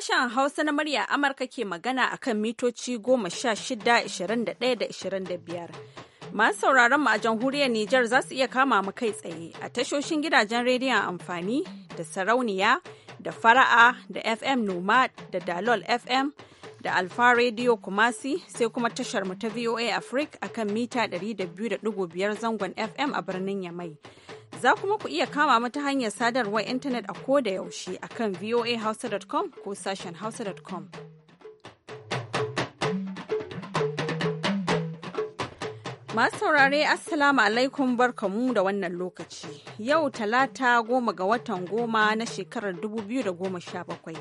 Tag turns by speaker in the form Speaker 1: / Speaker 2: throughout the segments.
Speaker 1: Sashen Hausa na murya Amurka ke magana a kan mitoci goma sha shida, ishirin ɗaya da ishirin biyar. Masu sauraron mu a jamhuriyar Nijar za su iya kama mu kai tsaye a tashoshin gidajen rediyon amfani da sarauniya da fara'a da FM Noma da Dalol FM da Alfa Radio Kumasi sai kuma tashar mu ta VOA Africa akan mita 200.5 zangon FM a birnin Yamai. Za kuma ku iya kama mu ta hanyar sadarwar intanet a ko da yaushe akan voahausa.com ko sashen hausa.com. Masu saurare Assalamu alaikum barkamu da wannan lokaci. Yau talata goma ga watan goma na shekarar 2017.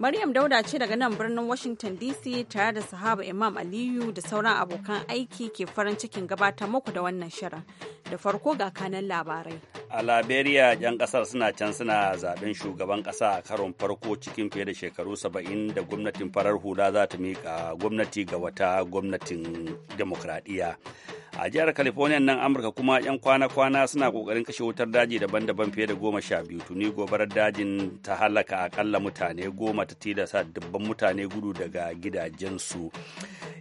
Speaker 1: Maryam Dauda ce daga nan birnin Washington DC tare da sahaba Imam Aliyu da sauran abokan aiki ke farin cikin gabatar muku da wannan shirin. Da farko ga kanan labarai.
Speaker 2: a liberia yan kasar suna can suna zaben shugaban kasa a karon farko cikin fiye da shekaru saba'in da gwamnatin farar hula za ta miƙa gwamnati ga wata gwamnatin demokradiyya a jihar california nan amurka kuma yan kwana-kwana suna kokarin kashe wutar daji daban-daban fiye da goma sha biyu tuni gobarar dajin ta halaka akalla mutane goma ta tilasta dubban mutane gudu daga gidajensu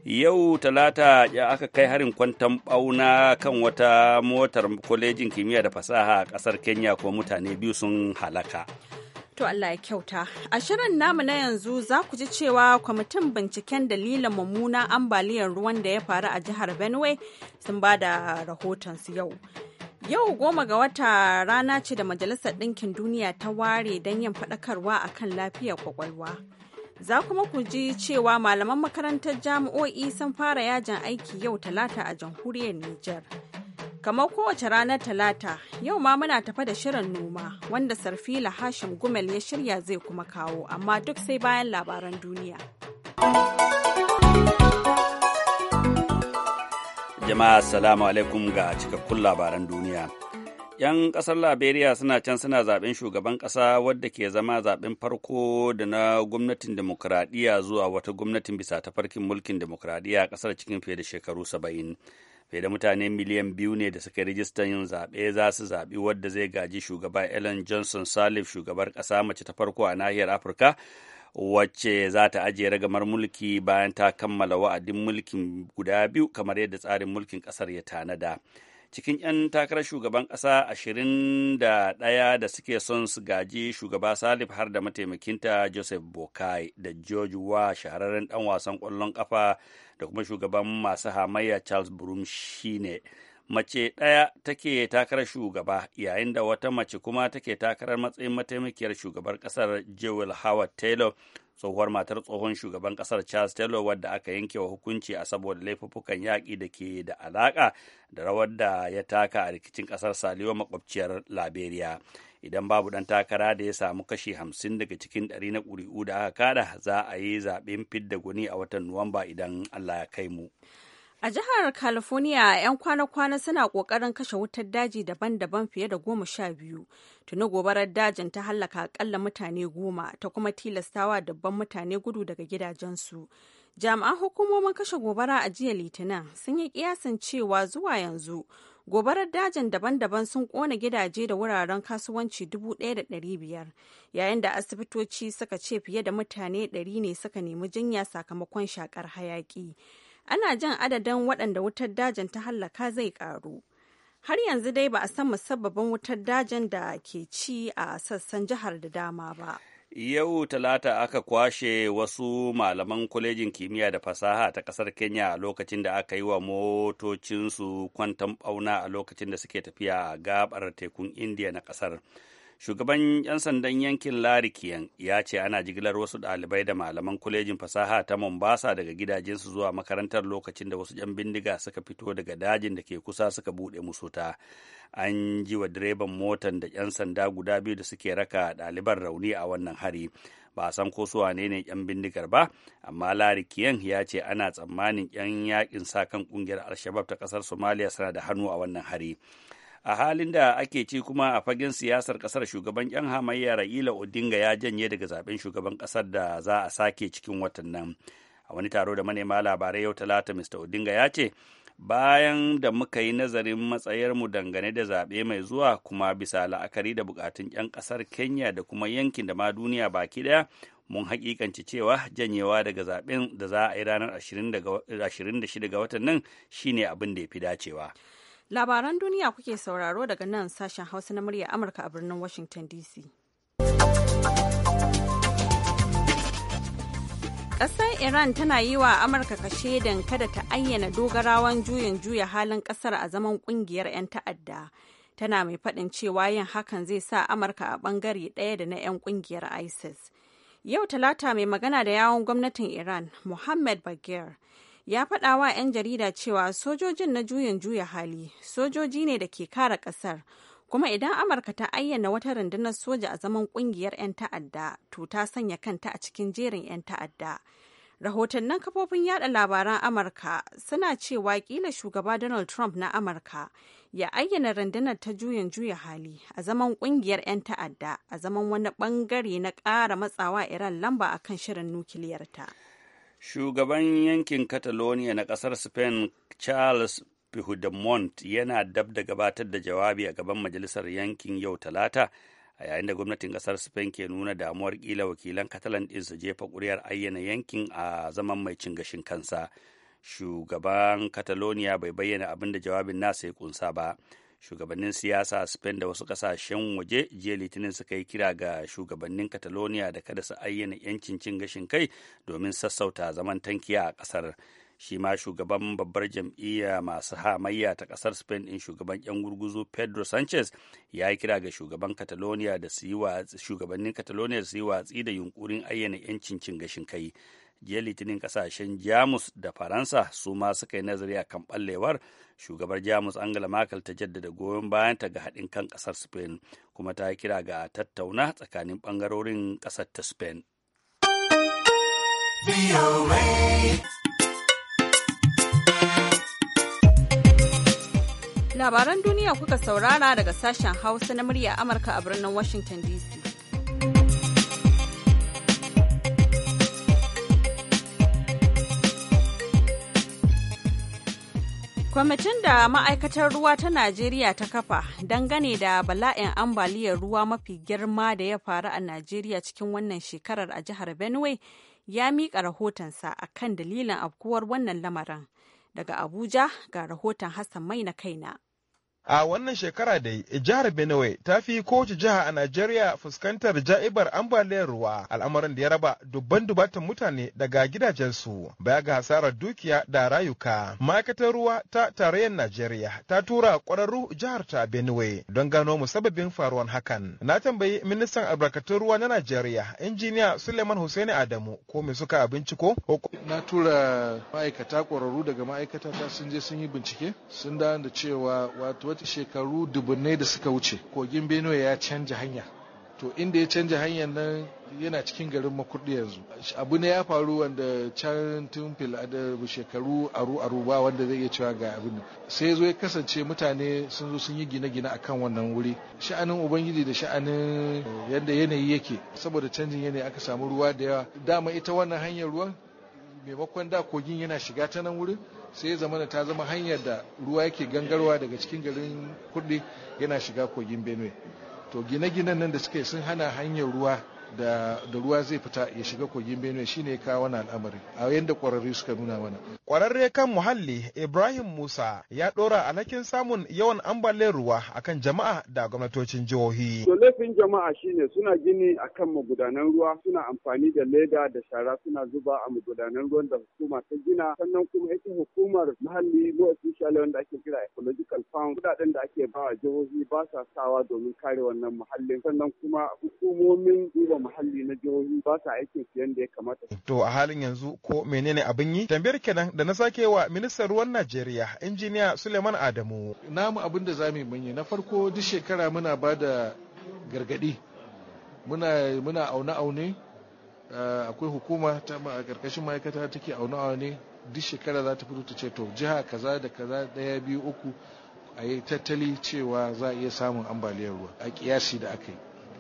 Speaker 2: yau talata ya aka kai harin kwantan bauna kan wata motar kwalejin kimiyya da fasaha a ƙasar Kenya ko mutane biyu sun halaka.
Speaker 1: To Allah ya kyauta. A shirin namu na yanzu za ku ji cewa kwamitin binciken dalilin mummunan ambaliyar ruwan da ya faru a jihar Benue sun ba da su yau. Yau goma ga wata rana ce da Majalisar Ɗinkin Duniya ta ware don yin faɗakarwa a kan lafiyar kwakwalwa. Za kuma ku ji cewa malaman makarantar jami'o'i sun fara yajin aiki yau talata a jamhuriyar Nijar. Kamar kowace ranar Talata, yau ma muna tafa da shirin noma wanda Sarfila Hashim Gumel ya shirya zai kuma kawo, amma duk sai bayan labaran duniya.
Speaker 2: Jama'a salamu alaikum ga cikakkun labaran duniya. 'Yan kasar Liberia suna can suna zaben shugaban kasa wadda ke zama zaben farko da na gwamnatin demokradiyya zuwa wata gwamnatin bisa tafarkin mulkin demokradiyya a ƙasar cikin fiye da shekaru saba'in. fiye da mutane miliyan biyu ne da suka rijistar yin zaɓe za su zaɓi wadda zai gaji shugaba ellen johnson salif shugabar ƙasa mace ta farko a nahiyar afirka wacce za ta ajiye ragamar mulki bayan ta kammala wa'adin mulkin guda biyu kamar yadda tsarin mulkin ƙasar ya tanada. cikin 'yan takarar shugaban ƙasa ashirin da ɗaya da suke son su gaji shugaba salif har da mataimakinta joseph bokai da george wa shahararren ɗan wasan ƙwallon ƙafa da kuma shugaban masu hamayya charles broom shine mace ɗaya take takarar shugaba yayin da wata mace kuma take takarar matsayin mataimakiyar shugabar ƙasar jewel howard taylor tsohuwar matar tsohon shugaban kasar charles taylor wadda aka yanke wa hukunci a saboda laifuffukan yaƙi da ke da alaƙa da rawar da ya taka a rikicin kasar saliyo makwabciyar liberia idan babu ɗan takara da ya samu kashi hamsin daga cikin ɗari na ƙuri'u da aka kada za a yi zaɓen fidda guni a watan nuwamba idan allah ya kai mu
Speaker 1: A jihar California, 'yan kwana-kwana suna ƙoƙarin kashe wutar daji daban-daban fiye da goma sha biyu. Tuni gobarar dajin ta hallaka akalla mutane goma ta kuma tilastawa dabban mutane gudu daga gidajensu. Jami'an hukumomin kashe gobara a jiya Litinin sun yi kiyasin cewa zuwa yanzu gobarar dajin daban-daban sun ƙona gidaje da wuraren kasuwanci dubu ɗaya da ɗari biyar, yayin da asibitoci suka ce fiye da mutane ɗari ne suka nemi jinya sakamakon shakar hayaƙi. ana jan adadin waɗanda wutar dajin ta hallaka zai ƙaru. Har yanzu dai ba a san musabbabin wutar dajin da ke ci a sassan jihar da dama ba.
Speaker 2: Yau Talata aka kwashe wasu malaman kwalejin kimiyya da fasaha ta ƙasar Kenya a lokacin da aka yi wa motocinsu kwantan ɓauna a lokacin da suke tafiya a gabar tekun Indiya na ƙasar. shugaban 'yan sandan yankin larikiyan ya ce ana jigilar wasu ɗalibai da malaman kulejin fasaha ta mombasa daga gidajensu zuwa makarantar lokacin da wasu 'yan bindiga suka fito daga dajin da ke kusa suka buɗe musu ta an ji wa direban motan da 'yan sanda guda biyu da suke raka ɗaliban rauni a wannan hari ba a san ko su wane ne 'yan bindigar ba amma larikiyan ya ce ana tsammanin 'yan yakin sa kan kungiyar al ta kasar somaliya suna da hannu a wannan hari a halin da ake ci kuma a fagen siyasar kasar shugaban yan hamayya ra'ila odinga ya janye daga zaben shugaban kasar da za a sake cikin watan nan a wani taro da manema labarai yau talata mr odinga ya ce bayan da muka yi nazarin matsayar mu dangane da zaɓe mai zuwa kuma bisa la'akari da bukatun 'yan ƙasar kenya da kuma yankin da ma duniya baki ɗaya mun hakikanci cewa janyewa daga zaɓen da za a yi ranar 26 ga watan nan shine abin da ya fi dacewa.
Speaker 1: Labaran duniya kuke sauraro daga nan sashen Hausa na murya Amurka a birnin Washington DC. Ƙasar Iran tana yi wa Amurka kashe don kada ta ayyana dogarawan juyin juya halin ƙasar a zaman ƙungiyar 'yan ta'adda. Tana mai faɗin cewa yin hakan zai sa Amurka a ɓangare ɗaya da na 'yan ƙungiyar ISIS. Yau Talata mai magana da yawon gwamnatin Iran, Mohammed Bagheer, ya faɗa wa 'yan jarida cewa sojojin na juyin juya hali sojoji ne da ke kare ƙasar kuma idan amurka ta ayyana wata rundunar soja a zaman ƙungiyar 'yan ta'adda to ta sanya kanta a cikin jerin 'yan ta'adda rahotannin kafofin yada labaran amurka suna cewa kila shugaba donald trump na amurka ya ayyana rundunar ta juyin juya hali a zaman kungiyar 'yan ta'adda a zaman wani bangare na ƙara matsawa iran lamba akan shirin nukiliyarta
Speaker 2: shugaban yankin catalonia na Kasar spain charles puigdemont yana dab da gabatar da jawabi a gaban majalisar yankin yau talata a yayin da gwamnatin ƙasar spain ke nuna damuwar kila wakilan catalan din su jefa ƙuri'ar ayyana yankin a zaman mai cin gashin kansa shugaban catalonia bai bayyana abin da jawabin nasa ya kunsa ba shugabannin siyasa spain da wasu kasashen waje jiya litinin suka yi kira ga shugabannin catalonia da kada su ayyana yancin cin gashin kai domin sassauta zaman tankiya a kasar shi ma shugaban babbar jam'iyya masu hamayya ta kasar spain din shugaban yan gurguzu pedro sanchez ya yi kira ga shugaban shugabannin catalonia da su yi watsi da yunkurin ayyana yancin cin gashin kai jiya litinin kasashen jamus da faransa su ma suka yi nazari a kan ɓallewar shugabar jamus angela merkel ta jaddada goyon ta ga haɗin kan ƙasar spain kuma ta kira ga tattauna tsakanin ɓangarorin ƙasar ta spain
Speaker 1: labaran duniya kuka saurara daga sashen hausa na murya amurka a birnin washington dc Kwamitin da ma'aikatar ruwa ta Najeriya ta kafa dangane da bala'in ambaliyar ruwa mafi girma da ya faru a Najeriya cikin wannan shekarar a jihar Benue ya miƙa rahotonsa a kan dalilin afkuwar wannan lamarin. Daga Abuja ga rahoton Hassan Mai na kaina.
Speaker 3: A wannan shekara dai jihar Benue ta fi kowace jiha a Najeriya fuskantar ja'ibar ambaliyar ruwa al'amarin da ya raba dubban dubatan mutane daga gidajensu baya ga hasarar dukiya da rayuka. Ma'aikatar ruwa ta tarayyar Najeriya ta tura ƙwararru jihar ta Benue don gano musababin faruwar hakan. Na tambayi ministan albarkatun ruwa na Najeriya injiniya Suleiman Hussaini Adamu ko me suka binciko? Na tura
Speaker 4: ma'aikata kwararru daga ma'aikata sun je sun yi bincike sun da cewa wato wata shekaru dubunnai da suka wuce kogin benue ya canja hanya to inda ya canja hanya nan yana cikin garin makurdi yanzu abu ne ya faru wanda can tun da shekaru aru aru ba wanda zai iya cewa ga abin sai zo ya kasance mutane sun zo sun yi gine-gine akan wannan wuri sha'anin ubangiji da sha'anin yadda yanayi yake saboda canjin yanayi aka samu ruwa da yawa dama ita wannan hanyar ruwan maimakon da kogin yana shiga ta nan wurin sai zama ta zama hanyar da ruwa yake gangarwa daga cikin garin kuɗi yana shiga kogin benue to gine-ginen nan da suka yi sun hana hanyar ruwa
Speaker 3: da ruwa zai fita ya shiga kogin benue shine ka wani al'amari a yadda kwararri suka nuna mana kwararre kan muhalli ibrahim musa ya dora alhakin samun yawan ambaliyar ruwa akan jama'a da gwamnatocin jihohi
Speaker 5: to laifin jama'a shine suna gini akan magudanan ruwa suna amfani da leda da shara suna zuba a magudanan ruwan da hukuma ta gina sannan kuma ita hukumar muhalli ruwa especially wanda ake kira ecological fund kudaden da ake bawa jihohi ba sa sawa domin kare wannan muhallin sannan kuma hukumomin duba muhalli
Speaker 6: na jihohi ba sa aikin su yadda ya kamata.
Speaker 3: To a halin yanzu ko menene abin yi? Tambayar kenan da na sake wa ministan ruwan Najeriya injiniya Suleiman Adamu. Namu abin da zamu yi na farko duk shekara muna ba da gargadi. Muna muna aune
Speaker 4: aune eh, akwai hukuma ta a karkashin ma'aikata take aune aune duk shekara za ta fito ta ce to jiha kaza da kaza daya biyu uku a yi tattali cewa za a iya samun ambaliyar ruwa a kiyasi da aka yi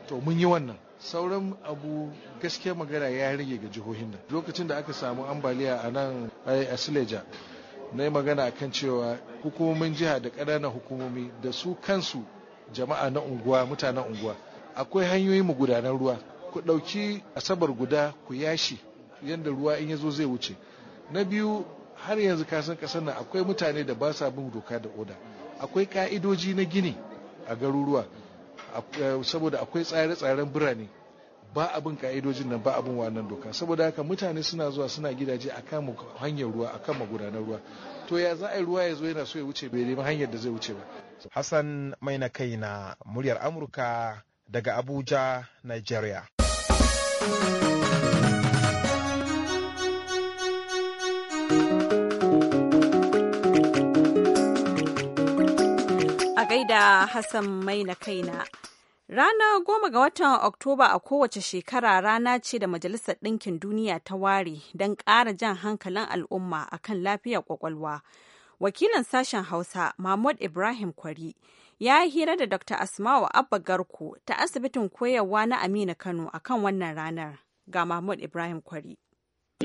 Speaker 4: to mun yi wannan sauran abu gaskiya magana ya rage ga jihohin nan lokacin da aka samu ambaliya a nan a sileja na yi magana a kan cewa hukumomin jiha da ƙananan hukumomi da su kansu jama'a na unguwa mutanen unguwa akwai hanyoyi gudanar ruwa ku ɗauki asabar guda ku yashi yadda ruwa in ya zo zai wuce na biyu har yanzu kasan ƙasar nan akwai mutane da ba sa bin doka da oda akwai ka'idoji na gini a garuruwa saboda akwai tsare-tsaren birane ba abin ka'idojin nan ba abin wannan doka saboda haka mutane suna zuwa suna gidaje a kama hanyar ruwa a kama gudanar ruwa to ya za a yi ruwa ya zo yana so ya wuce bai nemi hanyar da zai wuce ba
Speaker 3: hassan mai na kai na muryar amurka daga abuja nigeria
Speaker 1: da Hassan Maina kaina. Rana goma ga watan Oktoba a kowace shekara rana ce da Majalisar Ɗinkin Duniya ta ware don ƙara jan hankalin al'umma a kan lafiyar ƙwaƙwalwa. Wakilin sashen Hausa, Mahmud Ibrahim Kwari, ya yi hira da Dr. Asma'u Abba Garko ta asibitin koyarwa na Amina Kano kan wannan ranar ga Mahmud Ibrahim Kwari.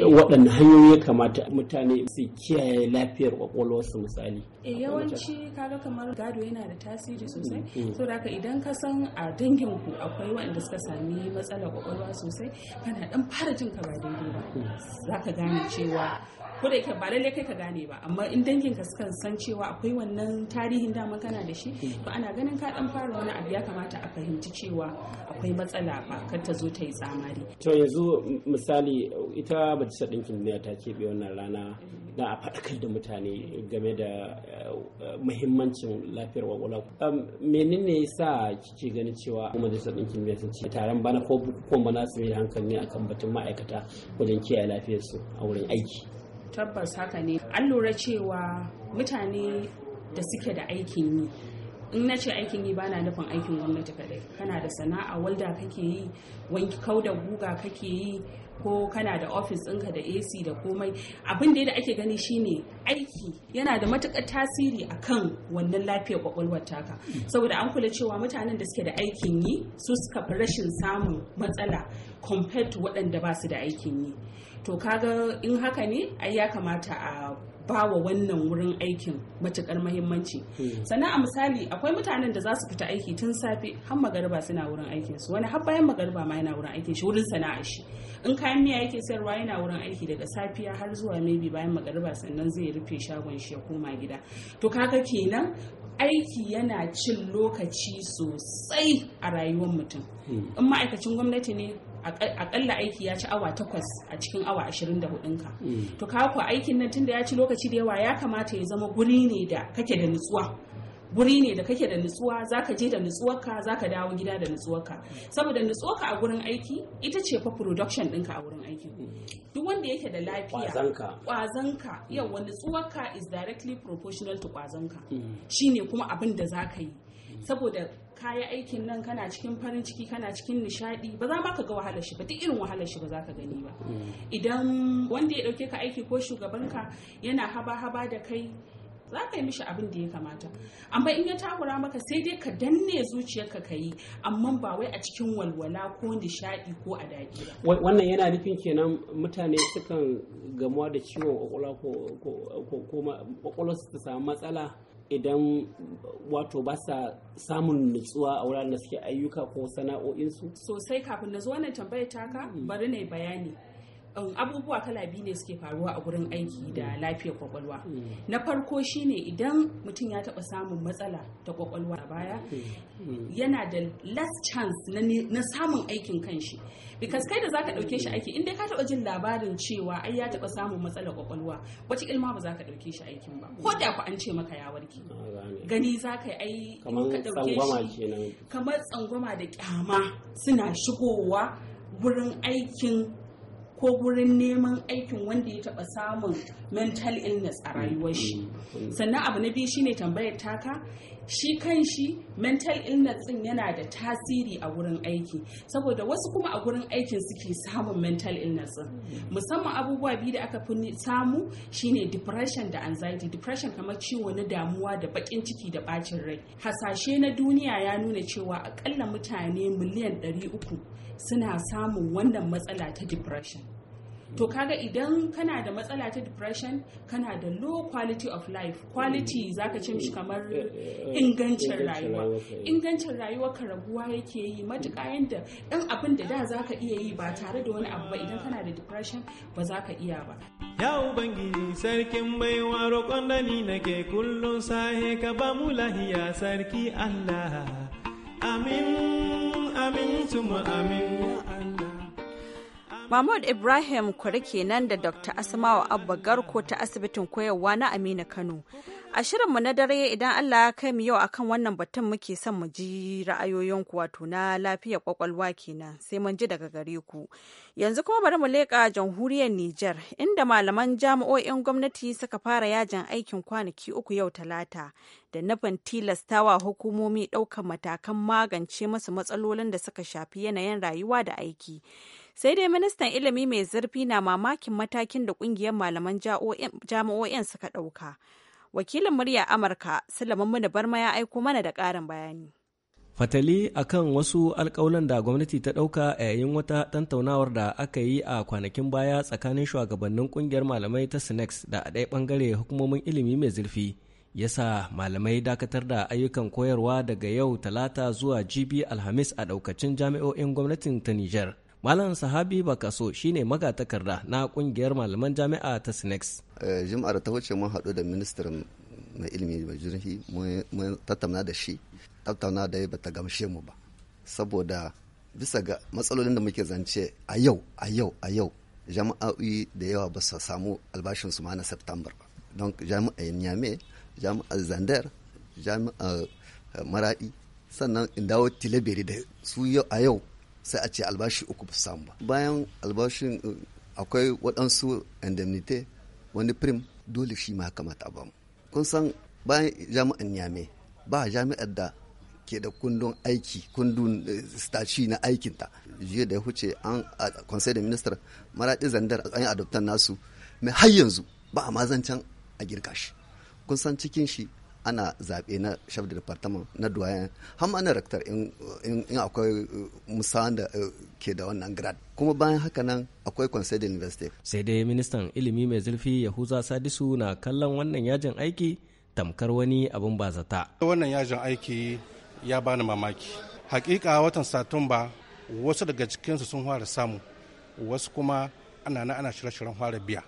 Speaker 1: waɗanne
Speaker 7: hanyoyi ya kamata mutane su kiyaye lafiyar kwakwalwarsu misali
Speaker 8: eh, yawanci kaga kamar gado yana da tasiri sosai mm, mm. so da idan ka san a danginku akwai waɗanda suka sami matsalar kwakwalwa sosai kana dan fara jin ka ba daidai ba mm.
Speaker 1: za ka gane cewa
Speaker 8: ko da ba lalle kai ka gane ba amma in danginka suka san cewa akwai wannan tarihin dama kana da shi to ana ganin ka dan fara wani abu ya kamata a fahimci cewa akwai matsala ba kar ta zo ta yi tsamari
Speaker 7: to yanzu misali ita majalisar ɗinkin duniya ta keɓe wannan rana na a faɗakar da mutane game da eh, muhimmancin lafiyar kwakwalwa menene ya sa kike gani cewa majalisar ɗinkin duniya sun ce taron bana ko bukukuwan bana su mai hankali ne akan batun ma'aikata wajen kiyaye lafiyarsu a wurin aiki
Speaker 8: tabbas haka ne an lura cewa mutane da suke da aikin yi in na ce aikin yi bana nufin aikin gwamnati kadai kana da sana'a walda kake yi wanki kau da guga kake yi ko kana da ofis ɗinka da ac da komai abin da ake gani shine aiki yana da matukar tasiri a kan wannan lafiyar kwakwalwar taka saboda an kula cewa mutanen da suke da aikin yi su suka fi rashin samun matsala compared to waɗanda ba su da aikin yi to kaga in haka ne ai ya kamata a ba wa wannan wurin aikin matukar mahimmanci hmm. sannan a misali akwai mutanen da za su fita aiki tun safe har magariba suna wurin aikin su wani har bayan magariba ma yana wurin aikin shi wurin sana'a shi in kayan miya yake sayarwa yana wurin aiki daga safiya har zuwa maybe bayan magariba sannan zai rufe shagon shi ya koma gida to kaga kenan aiki yana cin lokaci sosai a rayuwar mutum hmm. in ma'aikacin gwamnati ne akalla aiki ya ci awa takwas a cikin awa ashirin da hudunka mm. to kawo ku aikin nan tun da ya ci lokaci da yawa ya kamata ya zama guri ne da kake da nutsuwa guri ne da kake da nutsuwa zaka je da nutsuwarka zaka dawo gida da nutsuwarka saboda nutsuwarka a gurin aiki ita ce fa production ɗinka a gurin aiki mm. duk wanda yake da lafiya kwazanka yawa nutsuwarka is directly proportional to kwazanka mm. shine kuma abin da zaka yi saboda ka yi aikin nan kana cikin farin ciki kana cikin nishadi ba za ka ga wahalar shi ba duk irin wahalar shi ba za ka gani ba mm. idan wanda ya dauke ka aiki ko shugabanka yana haba-haba da kai za ka yi mishi abin da ya kamata amma in ya takura maka sai dai ka danne zuciyarka ka yi amma ba wai a cikin walwala ko nishadi ko a daɗi ba wannan yana
Speaker 7: nufin kenan mutane sukan gamuwa da ciwon kwakwalwa ko kwakwalwa su ta samu matsala idan wato ba sa samun nutsuwa a wuraren da suke ayyuka ko sana'o'insu
Speaker 8: sosai kafin na zo wannan tambayar taka mm. bari na bayani Oh, abubuwa kala biyu ne suke faruwa a gurin aiki da hmm. lafiyar kwakwalwa hmm. na farko shine idan mutum ya taba samun matsala ta kwakwalwa a baya hmm. yana da last chance na samun aikin shi because kai da zaka dauke shi aiki inda ka taba jin labarin cewa ai ya taba samun matsala kwakwalwa wata ilma ba za ka dauke shi aikin ba ko da ku an ce maka ya warke gani za ka yi ai ka dauke shi kamar tsangwama da kyama suna shigowa gurin aikin ko gurin neman aikin wanda ya taba samun mental illness a rayuwar shi sannan abu na biyu shine tambayar taka shi kan shi mental illness din yana da tasiri a wurin aiki saboda wasu kuma a gurin aikin suke samun mental illness din musamman abubuwa biyu da aka fi samu shine depression da anxiety depression kamar ciwo na damuwa da bakin ciki da bacin rai hasashe na duniya ya nuna cewa akalla mutane miliyan 300 suna samun wannan matsala ta depression to kaga idan kana da matsala ta depression kana da low quality of life quality mm. zaka ce mishi kamar eh, eh, eh, ingancin rayuwa ingancin rayuwa ka rabuwa yake yi matuƙa yadda dan abin da da za ka iya yi ba tare da wani abu ba idan kana da depression ba za ka iya ba
Speaker 7: ya ubangiji sarkin baiwa roƙon da ni nake kullum sahe ka ba mu lahiya sarki Allah amin amintu mu amin
Speaker 1: Mahmud Ibrahim Kuri kenan da Dr. Asmawa Abba Garko ta asibitin koyarwa na Aminu Kano. A shirinmu na dare idan Allah ya kai mu yau akan wannan batun muke son mu ji ra'ayoyinku wato na lafiyar kwakwalwa kenan sai mun ji daga gare ku. Yanzu kuma bari mu leƙa jamhuriyar Nijar inda malaman jami'o'in gwamnati suka fara yajin aikin kwanaki uku yau talata da nufin tilastawa hukumomi ɗaukar matakan magance masu matsalolin da suka shafi yanayin rayuwa da aiki. sai dai ministan ilimi mai zurfi na mamakin matakin da kungiyar malaman jami'o'in suka ɗauka wakilin murya amurka sulaiman muni barma ya aiko mana da karin bayani
Speaker 7: fatali akan wasu alkawalan da gwamnati ta ɗauka a yayin wata tantaunawar da aka yi a kwanakin baya tsakanin shugabannin kungiyar malamai ta sinex da a ɗaya bangare hukumomin ilimi mai zurfi ya sa malamai dakatar da ayyukan koyarwa daga yau talata zuwa jibi alhamis a ɗaukacin jami'o'in gwamnatin ta nijar Malam Sahabi Bakaso shine magatakarda na kungiyar malaman jami'a ta Sinex.
Speaker 9: Eh, Jim'ar ta wuce mun haɗu da ministan mai ilimi mai jirgi mun tattauna da shi tattauna da ya bata gamshe mu ba saboda bisa ga matsalolin da muke zance a yau a yau a yau jama'o'i da yawa ba su samu albashin su ma na September ba don jami'a nyame jami'ar Zandar jami'ar eh, Maradi sannan in dawo Tilaberi da su a yau sai a ce albashi uku ba samu ba bayan albashin eh, akwai waɗansu indemnity wani prim dole shi ma kamata ba kun san bayan jami'an yame ba jami'ar da ke da kundin aiki kundin eh, staci na aikinta jiya da ya huce an a conseil de minister maraɗi zandar an tsayin adoptan nasu mai har yanzu ba a mazancan a girka shi kun san cikin shi ana zaɓe na chef de na doyen har ana rektar in akwai uh, musawan da uh, ke da wannan grad kuma bayan haka nan akwai conseil de l'université
Speaker 7: sai dai ministan ilimi mai zurfi yahuza sadisu na kallon wannan yajin aiki tamkar wani abin bazata wannan yajin aiki
Speaker 4: ya bani mamaki hakika watan satumba wasu daga cikinsu sun fara samu wasu kuma ana na ana shirye-shiryen fara biya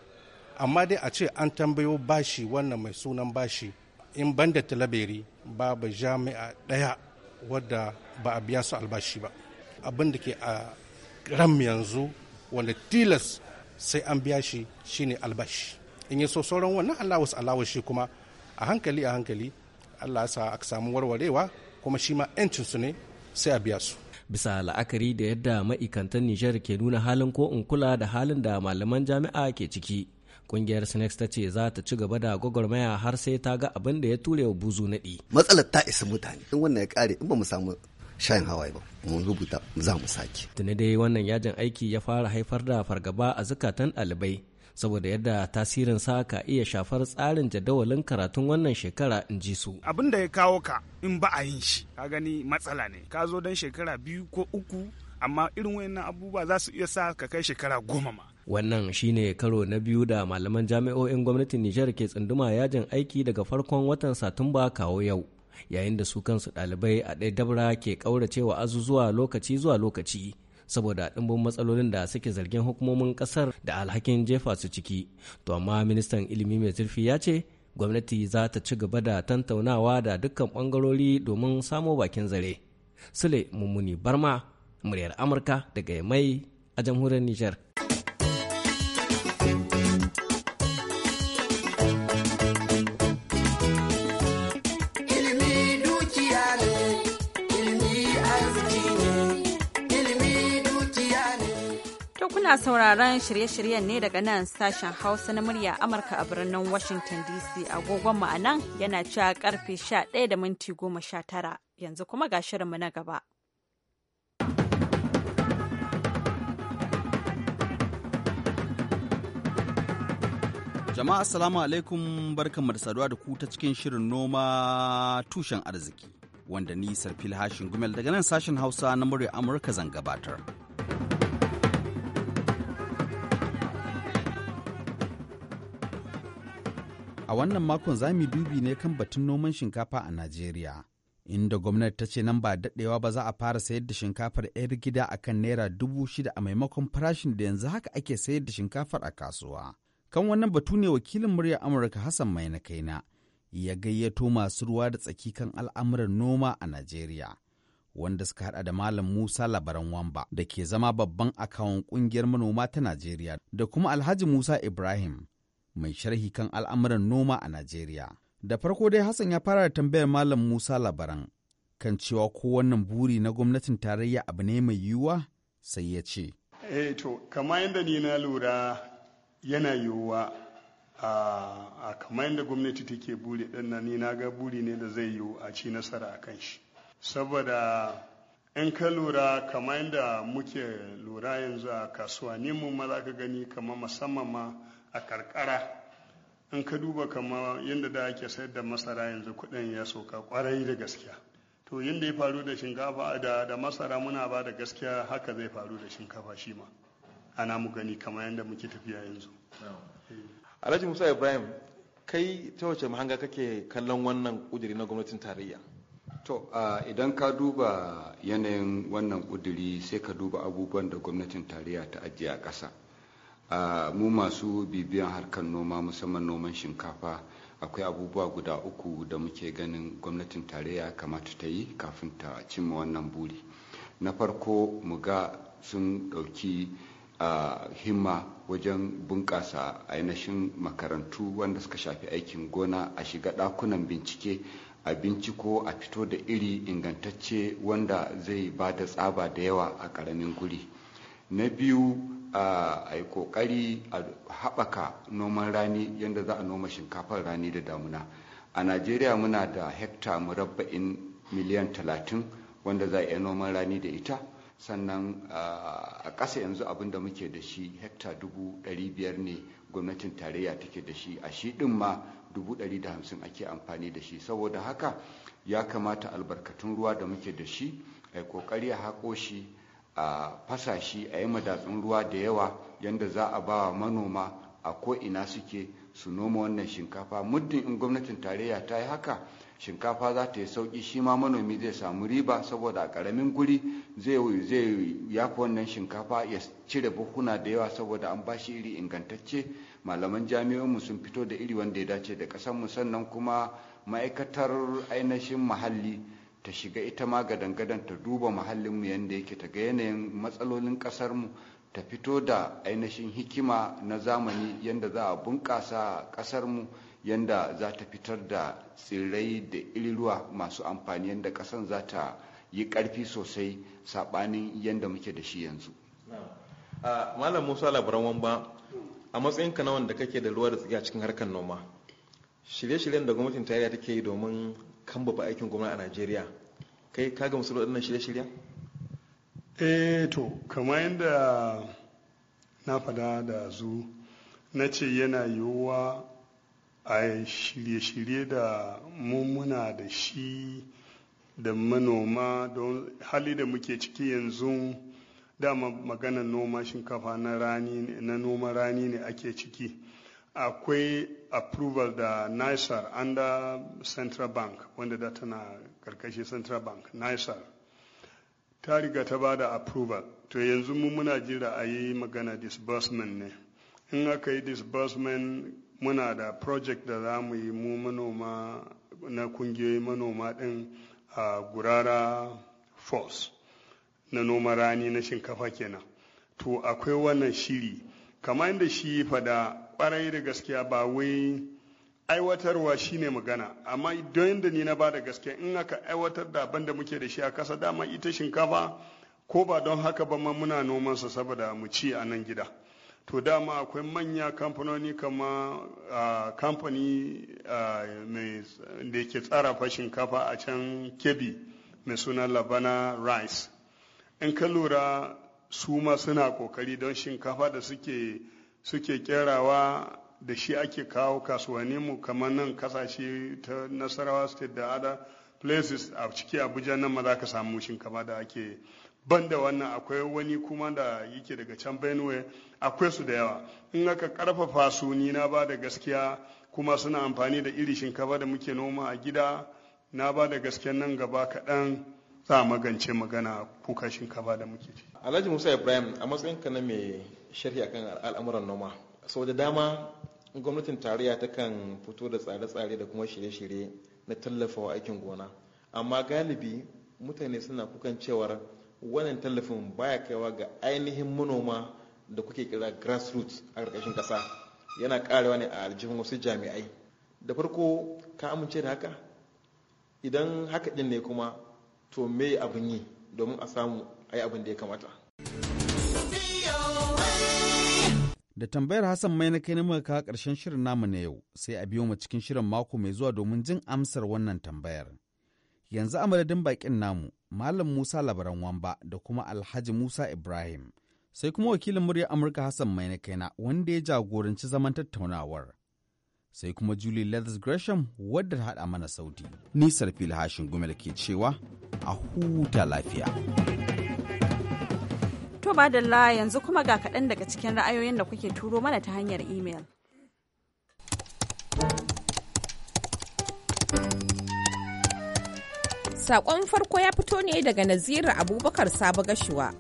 Speaker 4: amma dai a ce an tambayo bashi wannan mai sunan bashi in banda talaberi babu jami'a ɗaya wadda ba a biya su albashi ba abin da ke a ram yanzu wanda tilas sai an biya shi shine albashi in yi so sauran wannan allowance allowance shi kuma a hankali a hankali allah sa aka samu warwarewa kuma shi ma 'yancinsu ne sai a biya su
Speaker 7: bisa la'akari da yadda ma'aikantan nijar ke nuna halin ko in kula da halin da malaman jami'a ke ciki Kungiyar Sinex ta ce za ta ci gaba da gwagwarmaya har sai ta ga abin da ya ture wa buzu naɗi.
Speaker 9: Matsalar ta isa mutane in wannan ya kare in ba mu samu shayin hawaye ba mun rubuta za mu sake. Tuni dai wannan yajin aiki
Speaker 7: ya fara haifar da fargaba a zukatan ɗalibai saboda yadda tasirin sa ka iya shafar tsarin jadawalin karatun wannan shekara in ji su.
Speaker 5: Abin da ya kawo ka in ba a yin shi ka gani matsala ne ka zo don shekara biyu ko uku amma irin wayannan abubuwa za su iya sa ka kai shekara goma ma.
Speaker 7: wannan shine karo na biyu da malaman jami'o'in gwamnatin nijar ke tsunduma yajin aiki daga farkon watan satumba kawo yau yayin da su kansu ɗalibai a ɗaya dabra ke ƙauracewa azuzuwa lokaci zuwa lokaci saboda ɗimbin matsalolin da suke zargin hukumomin ƙasar da alhakin jefa su ciki to amma ministan ilimi mai zurfi ya ce gwamnati za ta ci gaba da tantaunawa da dukkan ɓangarori domin samo bakin zare sule mummuni barma muryar amurka daga mai a jamhuriyar nijar
Speaker 1: sauraron shirye-shiryen ne daga nan sashen Hausa na murya Amurka a birnin Washington DC agogon mu a yana cewa karfe 11 da minti 19 yanzu kuma ga shirinmu na gaba.
Speaker 10: Jama'a assalamu alaikum barkanmu da saduwa da ku ta cikin shirin noma tushen arziki wanda ni Sarfil Hashin Gumel daga nan sashen Hausa na murya Amurka zan gabatar. A wannan makon za mu dubi ne kan batun noman shinkafa a Najeriya. Inda gwamnati ta ce nan ba daɗewa ba za a fara sayar da shinkafar 'yar gida a kan naira dubu shida a maimakon farashin da yanzu haka ake sayar da shinkafar a kasuwa. Kan wannan batu ne wakilin Murya Amurka Hassan Mai na kaina ya gayyato masu ruwa da tsaki kan al'amuran noma a Najeriya. wanda suka haɗa da Malam Musa Labaran Wamba da ke zama babban akawun ƙungiyar manoma ta Najeriya da kuma Alhaji Musa Ibrahim mai sharhi kan al'amuran noma a Najeriya. Da farko dai Hassan ya fara tambayar Malam Musa Labaran kan cewa ko wannan buri na gwamnatin tarayya abu ne mai yiwuwa sai ya ce.
Speaker 5: Eh to, kama yadda ni na lura yana yiwuwa a kama yadda gwamnati take buri ɗin nan ni na ga buri ne da zai yiwu a ci nasara a kan shi. Saboda in ka lura kama yadda muke lura yanzu a kasuwa ne mu ma za ka gani kama musamman ma a karkara in ka duba kama yadda da ake sayar da masara yanzu kuɗin ya soka kwarai da gaskiya to yadda ya faru da shinkafa da masara muna ba da gaskiya haka zai faru da shinkafa shi ma ana mu gani kama yadda muke tafiya yanzu alhaji musa ibrahim
Speaker 3: kai ta wace mahanga kake kallon wannan kuduri na gwamnatin tarayya
Speaker 6: to idan ka duba yanayin wannan kuduri sai ka duba abubuwan da gwamnatin tarayya ta ajiye a ƙasa mu masu bibiyan harkar noma musamman noman shinkafa akwai abubuwa guda uku da muke ganin gwamnatin tarayya kamata ta yi kafin ta cimma wannan buri na farko mu ga sun ɗauki himma wajen bunƙasa ainihin makarantu wanda suka shafi aikin gona a shiga ɗakunan bincike a binciko a fito da iri ingantacce wanda zai ba da tsaba da yawa a ƙaramin guri na biyu a yi kokari a haɓaka noman rani yadda za a noma shinkafar rani da damuna a najeriya muna da hekta murabba'in miliyan talatin wanda za a iya noman rani da ita sannan a ƙasa yanzu abin da muke da shi hekta dubu ɗari biyar ne gwamnatin tarayya take da shi a shi ɗin ma dubu ɗari da hamsin ake amfani da shi saboda haka ya kamata albarkatun ruwa da muke da shi a kokari a haƙo shi a fasa shi a yi madatsun ruwa da yawa yadda za a bawa manoma a ko'ina suke su noma wannan shinkafa muddin in gwamnatin tarayya ta yi haka shinkafa za ta yi sauki shi ma manomi zai samu riba saboda a ƙaramin guri zai yafi wannan shinkafa ya cire buhuna da yawa saboda an bashi iri ingantacce malaman jami'o'inmu sun fito da iri wanda ya dace da ƙasarmu sannan kuma ma'aikatar ainihin muhalli ta shiga ita ma gadan-gadan ta duba muhallinmu yadda yake ta ga yanayin matsalolin ƙasarmu ta fito da ainihin hikima na zamani yadda za a bunƙasa ƙasarmu yadda za ta fitar da tsirrai da iriruwa masu amfani yadda ƙasan za ta yi ƙarfi sosai saɓanin yadda muke da shi yanzu.
Speaker 3: Ah, Malam Musa labaran wamba a matsayinka na wanda kake da ruwa da tsaki a cikin harkar noma. Shirye-shiryen da gwamnatin tarayya take yi domin kan babban aikin gwamnati a najeriya kai ka gamsu waɗannan shirya shirye
Speaker 5: eh to kamar yadda na fada da zu na ce yana yiwuwa a shirye-shirye da mummuna da shi da manoma don hali da muke ciki yanzu dama magana noma shinkafa na na noma rani ne ake ciki akwai approval da nisar under central bank wanda da tana karkashin central bank nisar ta riga ta ba da approval to yanzu mu muna jira a yi magana disbursement ne in aka yi disbursement muna da project da za mu yi mu manoma na kungiyoyin manoma din a gurara force na noma rani na shinkafa kenan to akwai wannan shiri kamar da shi fada kwarai da gaskiya ba wai aiwatarwa shine magana amma don da ni na ba da gaskiya in aka aiwatar da abin da muke da shi a kasa dama ita shinkafa ko ba don haka ba ma muna nomansa saboda mu ci a nan gida to dama akwai manya kamfanoni kama kamfani da ke tsarafa shinkafa a can kebi mai suna labana rice in ka lura su ma suna kokari don shinkafa da suke suke kerawa da shi ake kawo kasuwanni mu kamar nan kasashe ta nasarawa state da other places a ciki abuja nan ma za ka samu shinkafa da ake ban da wannan akwai wani kuma da yake daga can benue akwai su da yawa in aka karfafa su ni na ba da gaskiya kuma suna amfani da iri shinkafa da muke noma a gida na ba da gaskiya nan gaba kaɗan za a magance magana kuka shinkafa da muke ci alhaji musa ibrahim a matsayinka na mai
Speaker 3: sharhi akan al'amuran noma sau da dama gwamnatin tarayya ta kan fito da tsare-tsare da kuma shirye-shirye na tallafawa aikin gona amma galibi mutane suna kukan cewar wannan tallafin baya kaiwa ga ainihin manoma da kuke kira grassroots a ƙarƙashin ƙasa yana karewa ne a aljihun wasu jami'ai da farko ka amince da haka idan haka ɗin ne kuma to me abin yi domin a samu ai abin da ya kamata
Speaker 10: Da tambayar Hassan mai na kai na muka kawo ƙarshen shirin namu na yau sai a biyo mu cikin shirin mako mai zuwa domin jin amsar wannan tambayar. Yanzu a madadin baƙin namu, Malam Musa Labaran Wamba da kuma Alhaji Musa Ibrahim, sai kuma wakilin muryar Amurka Hassan mai na kaina wanda ya jagoranci zaman tattaunawar. Sai kuma Julie Leathers Gresham wadda ta haɗa mana sauti. Ni Sarfil Hashin Gumel ke cewa a huta lafiya.
Speaker 1: To madalla yanzu kuma ga kaɗan daga cikin ra'ayoyin da kuke turo mana ta hanyar imel. Saƙon farko ya
Speaker 11: fito ne daga Naziru Abubakar Sabo Gashuwa.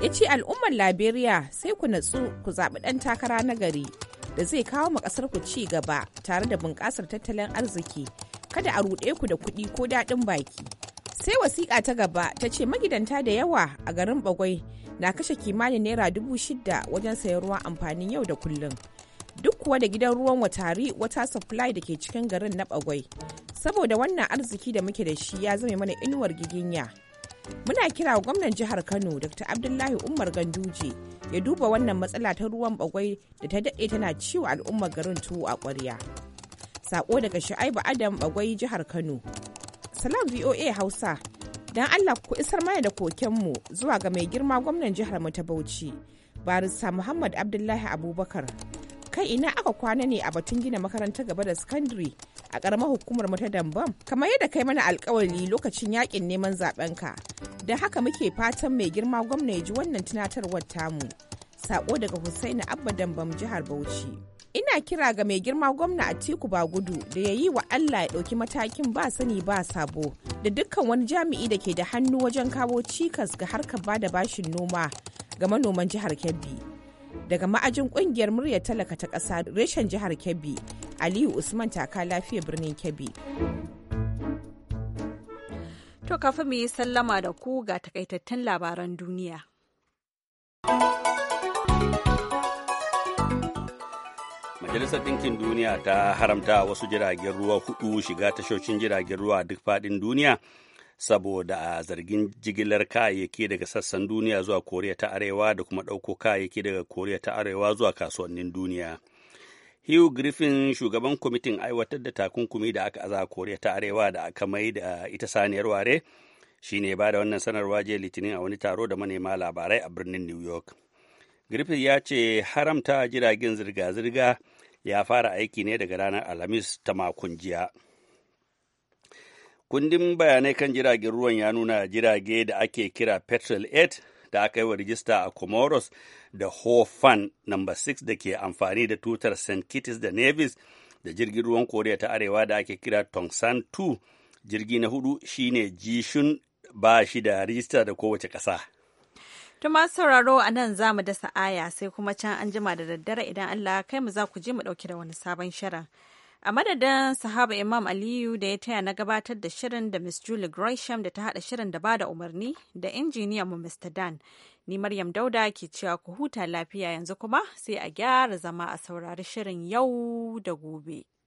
Speaker 11: Ya ce al'ummar Liberia sai ku natsu ku zaɓi ɗan takara na gari da zai kawo ma ƙasar ku ci gaba tare da bunƙasar tattalin arziki. Kada a ruɗe ku da kuɗi ko daɗin baki. sai wasiƙa ta gaba ta ce magidanta da yawa a garin bagwai na kashe kimanin naira dubu shida wajen sayan ruwan amfanin yau da kullum duk kuwa da gidan ruwan watari wata supply da ke cikin garin na bagwai saboda wannan arziki da muke da shi ya zame mana inuwar giginya muna kira gwamnan jihar kano dr abdullahi umar ganduje ya duba wannan matsala ta ruwan bagwai da ta daɗe tana ciwo al'ummar garin tuwo a ƙwarya sako daga shu'aibu adam bagwai jihar kano salam voa hausa don allah ku isar mana da kokenmu zuwa ga mai girma gwamnan jihar mu ta bauchi barista muhammad abdullahi abubakar kai ina aka kwana ne a batun gina makarantar gaba da sakandare a ƙaramar hukumar mu ta dambam kamar yadda kai mana alkawari lokacin yakin neman zaben ka da haka muke fatan mai girma gwamna ya ji wannan tunatarwar tamu sako daga Hussaini Abba Dambam jihar Bauchi. ina kira ga mai girma gwamna a Atiku gudu da ya yi wa Allah ya ɗauki matakin ba sani ba sabo da dukkan wani jami'i da ke da hannu wajen kawo cikas ga harkar bada bashin noma ga manoman jihar Kebbi. Daga ma'ajin kungiyar murya talaka ta ƙasa reshen jihar Kebbi, Aliyu Usman taka lafiya birnin Kebbi.
Speaker 1: To kafin mu yi sallama da ku ga takaitattun labaran duniya.
Speaker 2: Majalisar Ɗinkin Duniya ta haramta wasu jiragen ruwa hudu shiga tashoshin jiragen ruwa duk faɗin duniya saboda a zargin jigilar kayayyaki daga sassan duniya zuwa Koriya ta Arewa da kuma ɗauko kayayyaki daga Koriya ta Arewa zuwa kasuwannin duniya. Hugh Griffin shugaban kwamitin aiwatar da takunkumi da aka aza Koriya ta Arewa da aka mai da ita saniyar ware shi ne ba da wannan sanarwa jiya Litinin a wani taro da manema labarai a birnin New York. Griffin ya ce haramta jiragen zirga-zirga ya fara aiki ne daga ranar alhamis ta makon jiya kundin bayanai kan jiragen ruwan ya nuna jirage da ake kira petrol 8 da aka yi wa rijista a comoros da hofan No. 6 da ke amfani da tutar st kitts da nevis da jirgin ruwan koriya ta arewa da ake kira tongsan 2 jirgi na hudu shine jishun ba shi da rijista da kowace ƙasa
Speaker 1: Tuma sauraro a nan za mu dasa aya sai kuma can an jima da daddare idan Allah kai mu za ku je mu ɗauki da wani sabon shirin. A madadin sahaba Imam Aliyu da ya taya na gabatar da shirin da Miss Julie Gresham da ta haɗa shirin da bada umarni da injiniyan mu Mr. Dan. Ni Maryam Dauda ke cewa ku huta lafiya yanzu kuma sai a gyara zama a saurari shirin yau da gobe.